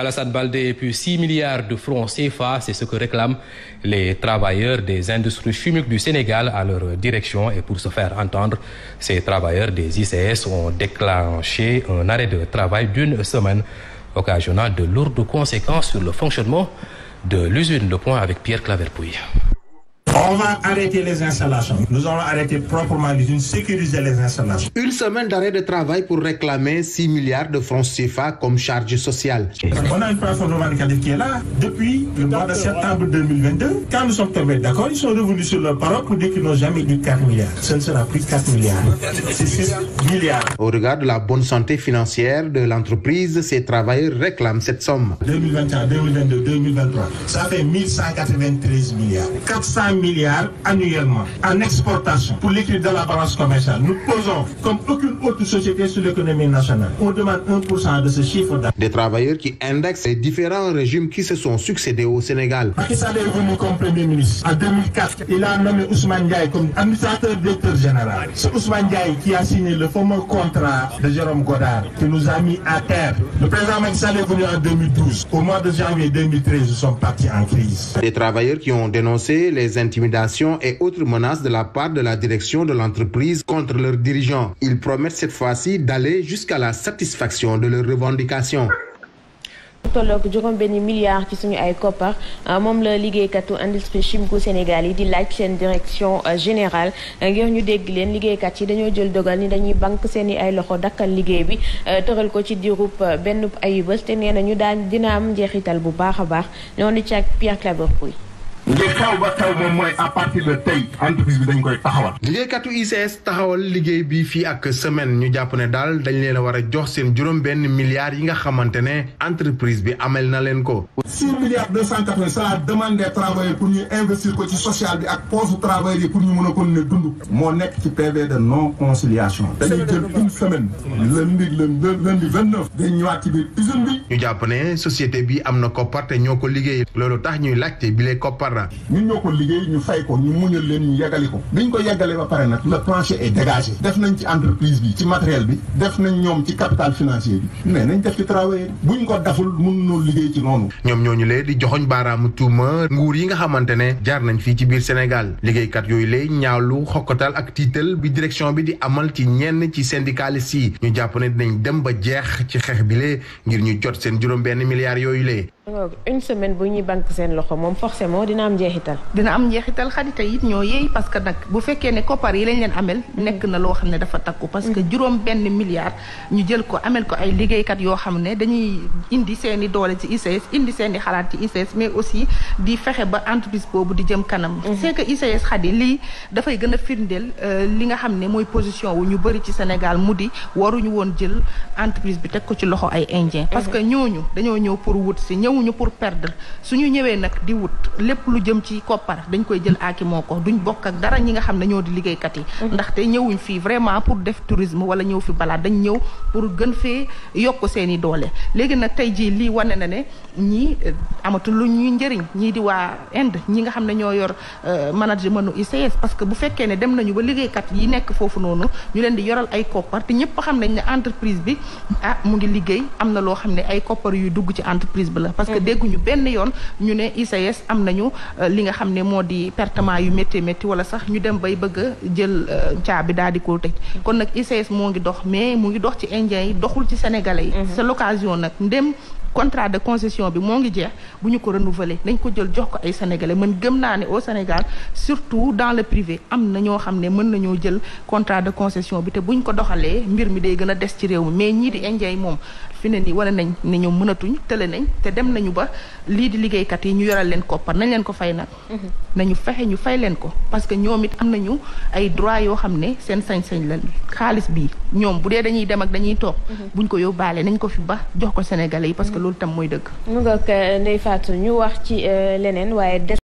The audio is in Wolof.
Alassane Baldé et puis 6 milliards de francs CFA, c'est ce que réclament les travailleurs des industries chimiques du Sénégal à leur direction. Et pour se faire entendre, ces travailleurs des ICS ont déclenché un arrêt de travail d'une semaine, occasionnant de lourdes conséquences sur le fonctionnement de l'usine Le Point avec Pierre Claverpouille. On va arrêter les installations. Nous allons arrêter proprement l'usine, sécuriser les installations. Une semaine d'arrêt de travail pour réclamer 6 milliards de francs CFA comme charge sociale. On a une personne qui est là depuis le mois de septembre 2022. Quand nous sommes tombés d'accord, ils sont revenus sur leur parole pour dire qu'ils n'ont jamais eu 4 milliards. Ce ne sera plus 4 milliards. C'est 6 milliards. Au regard de la bonne santé financière de l'entreprise, ces travailleurs réclament cette somme. 2021, 2022, 2023, ça fait 1193 milliards. 400 milliards annuellement en exportation pour l'équilibre de la balance commerciale. Nous posons, comme aucune autre société sur l'économie nationale, on demande 1% de ce chiffre d'affaires. Des travailleurs qui indexent les différents régimes qui se sont succédés au Sénégal. Macky est venu comme Premier ministre. En 2004, il a nommé Ousmane Diaye comme administrateur directeur général. C'est Ousmane Diaye qui a signé le fameux contrat de Jérôme Godard qui nous a mis à terre. Le président Macky est venu en 2012. Au mois de janvier 2013, nous sommes partis en crise. Des travailleurs qui ont dénoncé les intimes et autres menaces de la part de la direction de l'entreprise contre leurs dirigeants. Ils promettent cette fois-ci d'aller jusqu'à la satisfaction de leurs revendications. Pierre ngir taw ba taw moom partir de tey entreprise bi dañ koy taxawal. liggéeykatu ICS taxawal liggéey bi fii ak semaine ñu jàpp ne daal dañ leen a war a jox seen juróom-benn milliards yi nga xamante ne entreprise bi amel na leen ko. six milliards deux cent quatre-vingts demande des travailleurs pour ñu investir ko ci social bi ak poste travailleurs yi pour ñu mën a continuer dund. moo nekk ci PV de non conciliation. dañuy jël une semaine. lundi lundi vingt neuf. dañ ñëwaat ci biir usine bi. ñu jàpp ne société bi am na koppar te ñoo ko liggéey. loolu tax ñuy laajte bile koppar. francs ñun ñoo ko liggéey ñu fay ko ñu muñal leen ñu yeggali ko biñ ko yeggalee ba pare na le plancher est dégagé def nañ ci entreprise bi ci matériel bi def nañ ñoom ci capital financier bi mais nañ def ci travail buñ ko daful mun noo liggéey ci noonu ñoom ñooñu lee di joxoñ baaraamu tuuma nguur yi nga xamante ne jaar nañ fii ci biir Sénégal liggéeykat yooyu lay ñaawlu xokkatal ak tiital bi direction bi di amal ci ñenn ci syndicalistes yi ñu jàpp dinañ dem ba jeex ci xeex bi lee ngir ñu jot seen juróom benn yooyu lee une semaine bu ñuy banque seen loxo moom forcément dina am njeexital. dina am njeexital xadita it ñoo yéey parce que nag bu fekkee ne koppar yi lañ leen amel. Mm-hmm. nekk na loo xam ne dafa takku. parce que mm-hmm. juróom benn milliard ñu jël ko amel ko ay liggéeykat yoo xam ne dañuy indi seen i doole ci ICS indi seen i xalaat ci ICS mais aussi di fexe ba entreprise boobu di jëm kanam. Mm-hmm. c'est que ICS xadi lii dafay gën a firndeel euh, li nga xam ne mooy position wu ñu bëri ci Sénégal mu di waruñu woon jël entreprise bi teg ko ci loxo ay indien ñëwuñu pour perdre suñu ñëwee nag di wut lépp lu jëm ci koppar dañ koy jël aaki moo ko duñ bokk ak dara ñi nga xam ne ñoo di liggéeykat yi ndax mm-hmm. ndaxte ñëwuñ fii vraiment pour def tourisme wala ñëw fi balaa dañ ñëw pour gën fee yokk seeni doole léegi nag tey jii lii wane na ne ñii eh, amatul lu ñuy njëriñ ñii di waa Inde ñi nga xam ne ñoo yor eh, management ICS parce que bu fekkee ne dem nañu ba liggéeykat yi nekk foofu noonu ñu leen di yoral ay koppar te ñëpp xam nañ ne entreprise bi ah mu ngi liggéey am na loo xam ne ay koppar yu dugg ci entreprise bi la parce que mm-hmm. dégguñu benn yoon ñu ne ICS am nañu euh, li nga xam ne moo di pertement yu métti métti wala sax ñu dem bay bëgg a jël euh, caabi daal di ko tëj mm-hmm. kon nag ICS moo ngi dox mais mu ngi dox ci indien yi doxul ci sénégalais yi mm-hmm. c'est l'occasion nag ndem contrat de concession bi moo ngi jeex bu ñu ko renouveler dañ ko jël jox ko ay sénégalais man gëm naa ne au Sénégal surtout dans le privé am na ñoo xam ne mën nañoo jël contrat de concession bi te buñ ko doxalee mbir mi day gën a des ci réew mi mais ñii di indien moom fi ne nii wala nañ ne ñoom mënatuñ tële nañ te dem nañu ba lii di liggéeykat yi ñu yoral leen koppar nañ leen ko fay nag. Mhm. nañu fexe ñu fay leen ko parce que ñoom it am nañu ay droit yoo xam ne seen sañ-sañ la xaalis bi ñoom bu dee dañuy dem ak dañuy toog. Mhm. buñ ko yóbbaale nañ ko fi ba jox ko sénégalais yi parce que loolu tam mooy dëgg. mu nga euh, Ndeye Fatou ñu wax ci euh, leneen waaye